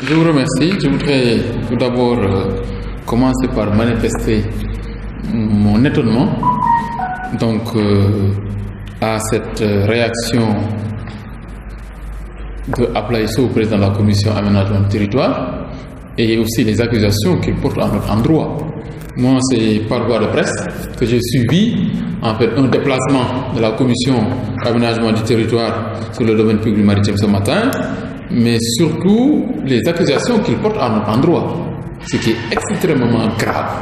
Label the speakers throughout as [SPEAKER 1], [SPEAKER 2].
[SPEAKER 1] Je vous remercie. Je voudrais tout d'abord euh, commencer par manifester mon étonnement donc, euh, à cette euh, réaction de au président de la commission aménagement du territoire, et aussi les accusations qu'il porte en droit. Moi, c'est par voie de presse que j'ai subi un déplacement de la commission aménagement du territoire sur le domaine public maritime ce matin mais surtout les accusations qu'il porte à notre endroit, ce qui est extrêmement grave.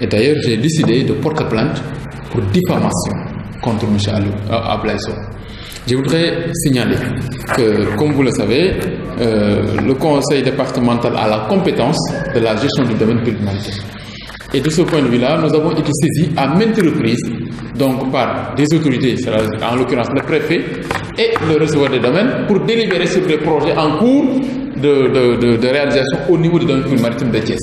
[SPEAKER 1] Et d'ailleurs, j'ai décidé de porter plainte pour diffamation contre M. à. Euh, Je voudrais signaler que, comme vous le savez, euh, le conseil départemental a la compétence de la gestion du domaine public. Et de ce point de vue-là, nous avons été saisis à maintes reprises, donc par des autorités, en l'occurrence le préfet, et le réseau des domaines pour délibérer sur les projets en cours de, de, réalisation au niveau du domaine maritime de Thiès.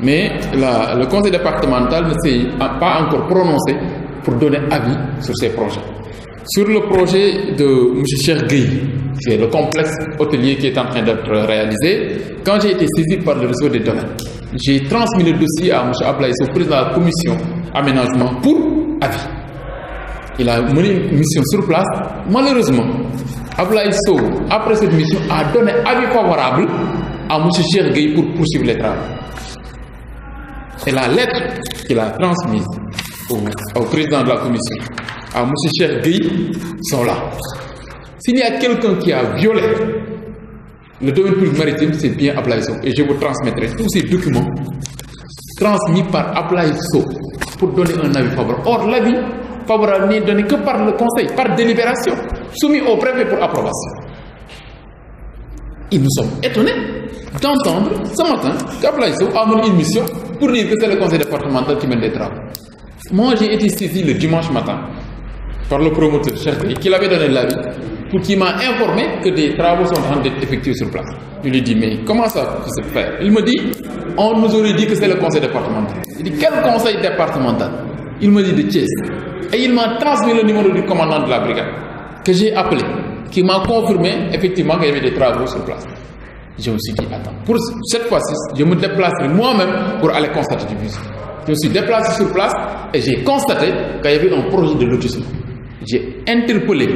[SPEAKER 1] Mais la, le conseil départemental ne s'est pas encore prononcé pour donner avis sur ces projets. Sur le projet de M. Chergui, c'est le complexe hôtelier qui est en train d'être réalisé, quand j'ai été saisi par le réseau des domaines, j'ai transmis le dossier à M. Ablaïs, au président de la commission aménagement, pour avis il a mené une mission sur place. Malheureusement, Ablaï après cette mission, a donné avis favorable à M. Cheikh pour poursuivre les travaux. Et la lettre qu'il a transmise au, président de la commission, à M. Cheikh sont là. S'il y a quelqu'un qui a violé le domaine public maritime, c'est bien Ablaï Et je vous transmettrai tous ces documents transmis par Ablaï pour donner un avis favorable. Or, l'avis favorable n'est donné que par le Conseil, par délibération, soumis au préfet pour approbation. Et nous sommes étonnés d'entendre ce matin qu'Ablaïsou a mené une mission pour dire que c'est le Conseil départemental qui mène des travaux. Moi, j'ai été saisi le dimanche matin par le promoteur, cher qui l'avait donné l'avis pour qu'il m'a informé que des travaux sont en train d'être effectués sur place. Je lui ai dit, mais comment ça se fait Il me dit, on nous aurait dit que c'est le conseil départemental. Il dit, quel conseil départemental Il me dit de Thiès. Et il m'a transmis le numéro du commandant de la brigade, que j'ai appelé, qui m'a confirmé effectivement qu'il y avait des travaux sur place. Je me suis dit, attends, pour cette fois-ci, je me déplacerai moi-même pour aller constater du bus. Je me suis déplacé sur place et j'ai constaté qu'il y avait un projet de lotissement j'ai interpellé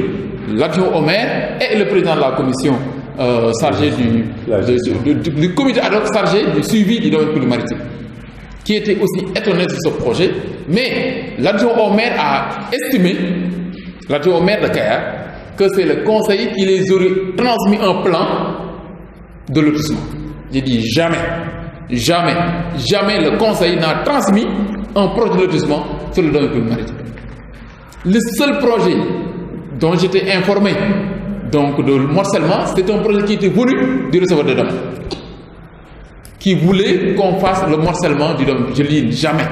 [SPEAKER 1] l'adjoint au maire et le président de la commission euh, chargée du, du, comité chargé du suivi du domaine public maritime, qui était aussi étonné de ce projet, mais l'adjoint au maire a estimé, l'adjoint au maire de Kaya, que c'est le conseiller qui les aurait transmis un plan de lotissement. J'ai dit jamais, jamais, jamais le conseiller n'a transmis un projet de lotissement sur le domaine public maritime. Le seul projet dont j'étais informé, donc de morcellement, c'était un projet qui était voulu du recevoir des dons qui voulait qu'on fasse le morcellement du domaine. Je lis jamais.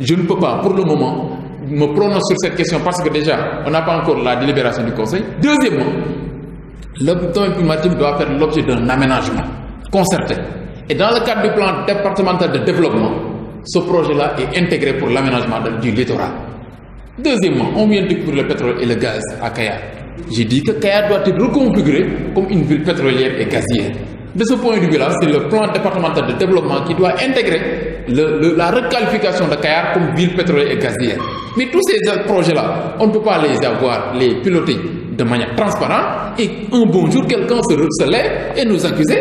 [SPEAKER 1] Je ne peux pas, pour le moment, me prononcer sur cette question parce que déjà, on n'a pas encore la délibération du Conseil. Deuxièmement, le temps doit faire l'objet d'un aménagement concerté. Et dans le cadre du plan départemental de développement, ce projet-là est intégré pour l'aménagement du littoral. Deuxièmement, on vient de découvrir le pétrole et le gaz à Kayar. J'ai dit que Kayar doit être reconfiguré comme une ville pétrolière et gazière. De ce point de vue-là, c'est le plan départemental de développement qui doit intégrer la requalification de Kayar comme ville pétrolière et gazière. Mais tous ces projets-là, on ne peut pas les avoir, les piloter de manière transparente et un bon jour, quelqu'un se, se et nous accuser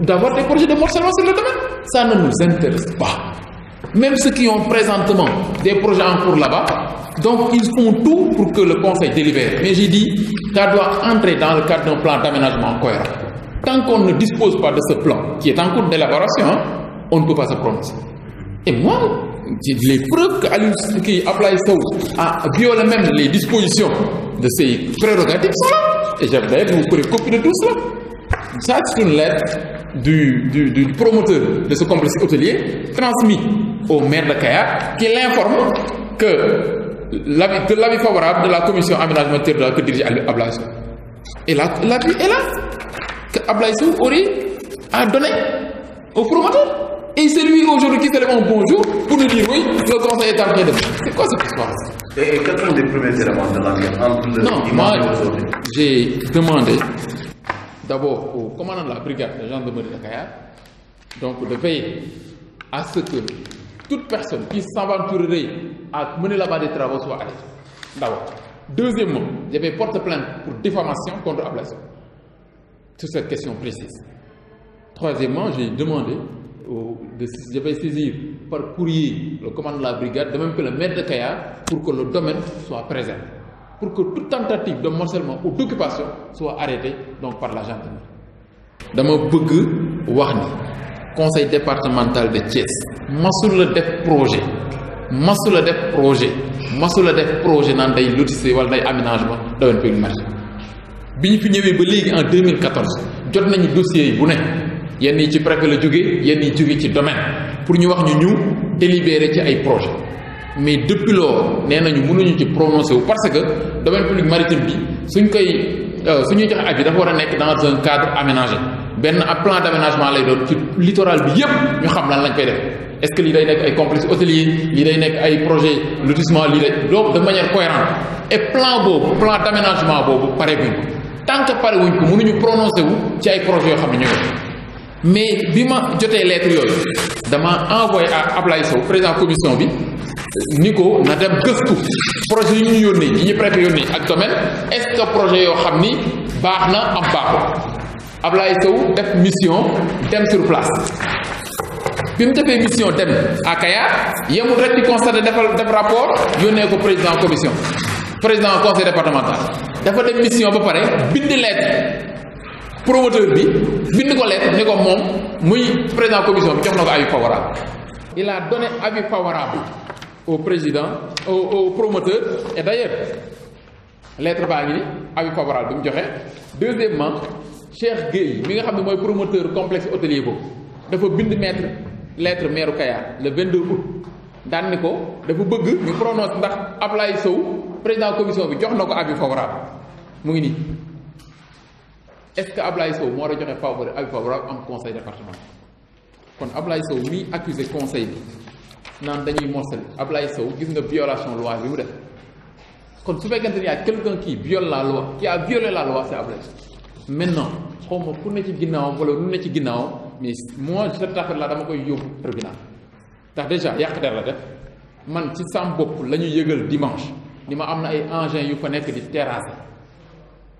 [SPEAKER 1] d'avoir des projets de morcellement sur le domaine. Ça ne nous intéresse pas même ceux qui ont présentement des projets en cours là-bas, donc ils font tout pour que le Conseil délivre Mais j'ai dit, ça doit entrer dans le cadre d'un plan d'aménagement cohérent. Tant qu'on ne dispose pas de ce plan, qui est en cours d'élaboration, on ne peut pas se prononcer. Et moi, les preuves qui ça à violent même les dispositions de ces prérogatives Et j'aimerais que vous pourrez copier de tout cela. Ça, c'est une lettre du, du, du promoteur de ce complexe hôtelier transmis au maire de Kaya qui l'informe que de l'avis favorable de la commission aménagement territorial que dirige Ablaïsou. Et l'avis est là, que Ablaïsou aurait à donner au promoteur. Et c'est lui aujourd'hui qui se lève bon bonjour pour nous dire oui, le conseil est en train de C'est quoi cette histoire passe et quels premiers éléments de l'avis Non, moi, j'ai demandé d'abord au commandant de la brigade de gendarmerie de Kaya donc de veiller à ce que toute personne qui s'aventurerait à mener là-bas des travaux soit arrêtée. D'abord. Deuxièmement, j'avais porte plainte pour diffamation contre ablation sur cette question précise. Troisièmement, j'ai demandé, de, j'avais saisir par courrier le commandant de la brigade, de même que le maire de Kayar, pour que le domaine soit présent, pour que toute tentative de morcellement ou d'occupation soit arrêtée donc par la gendarmerie. dama bëgg wax conseil départemental de Thiès masul le def projet masul le def projet masul le def projet naan day lotissé wala day aménagement domaine public maritime bi ñu fi ñëwee ba un en 2014 jot nañu dossiers yi bu ne yenn yi ci préfet la jógee yenn yi jógee ci domaine pour ñu wax ñu ñu délibéré ci ay projet mais depuis lors nous nañu mënuñu ci prononcer parce que domaine public maritime bi suñ koy euh, suñuy joxe avis dafa war nekk dans un cadre aménagé ben ab plan d'aménagement lay doon ci littoral bi yépp ñu xam lan lañ koy def est-ce que li day nekk ay complexe hôtelier li day nekk ay projet lotissement li day donc de manière cohérente et plan boobu plan d'aménagement boobu pare buñ tant que pare wuñ ko mënuñu prononcé wu ci ay projets yoo xam ne ñoo mais bi ma jotee lettre yooyu dama envoyé à Ablaye Sow président commission bi ni ko na dem gëstu projet yi ñu yónnee yi ñu préfet yónnee ak domaine est-ce que projet yoo xam ni baax na am baaxul Ablaye Sow def mission dem sur place bim mu une mission dem à Kayar yemul rek ci constaté defal def rapport yónnee ko président commission président conseil départemental dafa dem mission ba paré bind lettre promoteur bi bind ko lettre ni ko mom muy président commission jox na ko avis favorable il a donné avis favorable au président au au promoteur et d'ailleurs, lettre baa ngi avis favorable bim joxé deuxièmement Cheikh Gueye mi nga xam moy promoteur complexe hôtelier bob dafa bind maître lettre maire Kaya, le 22 août daan ni ko dafa bëgg ñu prononce ndax Ablaye Sow président commission bi jox nako avis favorable mu ngi ni est-ce que Ablaye Sow mo ra a joxe avis favorable am conseil départemental kon Ablaye Sow mi accusé conseil bi naan dañuy morcel Ablaye Sow gis nga violation loi bi mu def kon su fekkente ni y quelqu'un qui viole la loi qui a violé la loi c'est Ablaye Sow maintenant xaw ma ku ne ci ginnaawam wala lu ne ci ginnaawam mais moi cette affaire là dama koy yóbbu tribunal ndax déjà yàq der la def man ci sam bopp lañuy ñu yëgal dimanche ni ma am na ay engins yu fa nekk di terrasser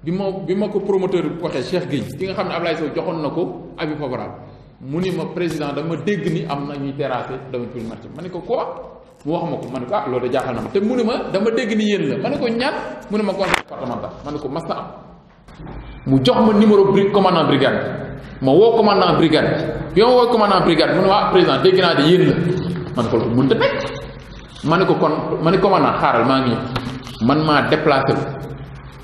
[SPEAKER 1] bi ma bi ma ko promoteur bi waxee Cheikh Gueye ki nga xam ne Ablaye Sow joxoon na ko avis favorable mu ni ma président dama dégg ni am na ñuy terrasser dama ci marché ma ne ko quoi. mu wax ma ko ma ne ko ah loolu de jaaxal na ma te mu ne ma dégg ni yéen la ma ko ñaan mu ma ne ko mas am. mu jox ma numéro bri commandant brigade ma woo commandant brigade bi ma woo commandant brigade mu ne waa président dégg naa de yéen la ma ne ko loolu mënta nekk ma ne ko kon ma ne commandant xaaral maa ngi ñëw man maa déplacé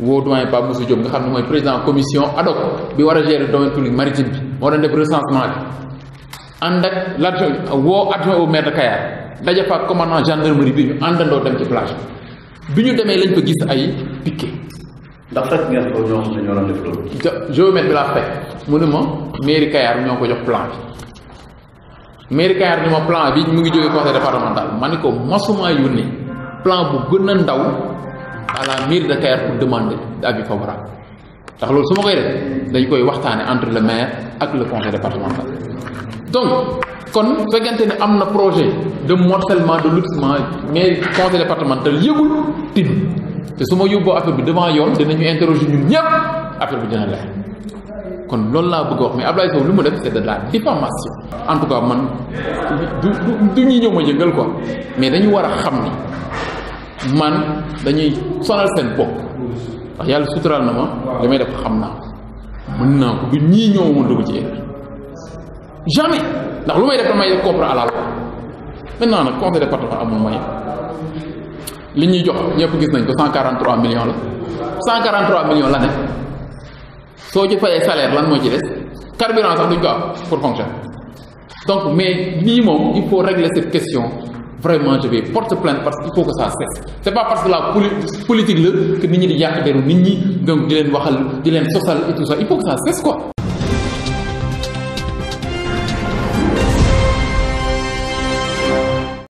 [SPEAKER 1] wu woo doyen Pape Moussa Diop nga xam ne mooy président commission ad hoc bi war a gérer domaine public maritime bi moo doon def recensement bi ànd ak l'adjoint woo adjoint au maire de Kayar daje fa commandant gendarmerie bi ñu àndandoo dem ci plage bi ñu demee lañ fa gis ay piquet ndax fekk ngeen ko ñoo xam ne ñoo doon def loolu. ja géomètre bi laa fekk mu ne ma mairie Kayar ñoo ko jox plan bi mairie ni ma plan bi mu ngi jógee conseil départemental ma ne ko masuma yónnee plan bu gën a ndaw à la mairie de Kayar pour demander avis favorable ndax loolu su koy def dañ koy waxtaane entre le maire ak le conseil départemental donc kon fekkente ne am na projet de morcellement de lotissement mairie conseil départemental yëgul tin te su ma yóbboo affaire bi devant yoon dinañu interroger ñun ñëpp affaire bi dina leer kon loolu laa bëgg a wax mais Abdoulaye Sow lu mu def c'est de la diffamation en tout cas man du du ñuy ñëw ma yëngal quoi mais dañu war a xam ni man dañuy sonal seen bopp ndax yàlla suturaal na ma li may def xam naa mën naa ko du ñii ñëw ma dugg ci erreur jamais ndax lu may def damay def comprendre à la loi maintenant nag conseil département amul moyen li ñuy jox ñëpp gis nañ ko 143 millions 143 millions la ne soo ci fayee salaire lan moo ci des carburant sax duñ ko pour fonctionner donc mais minimum, il faut régler cette question vraiment je vais porter plainte parce qu'il faut que ça cesse c'est pas parce que la politique que nit ñi di yàq nit donc di leen waxal di et tout ça il faut que ça cesse quoi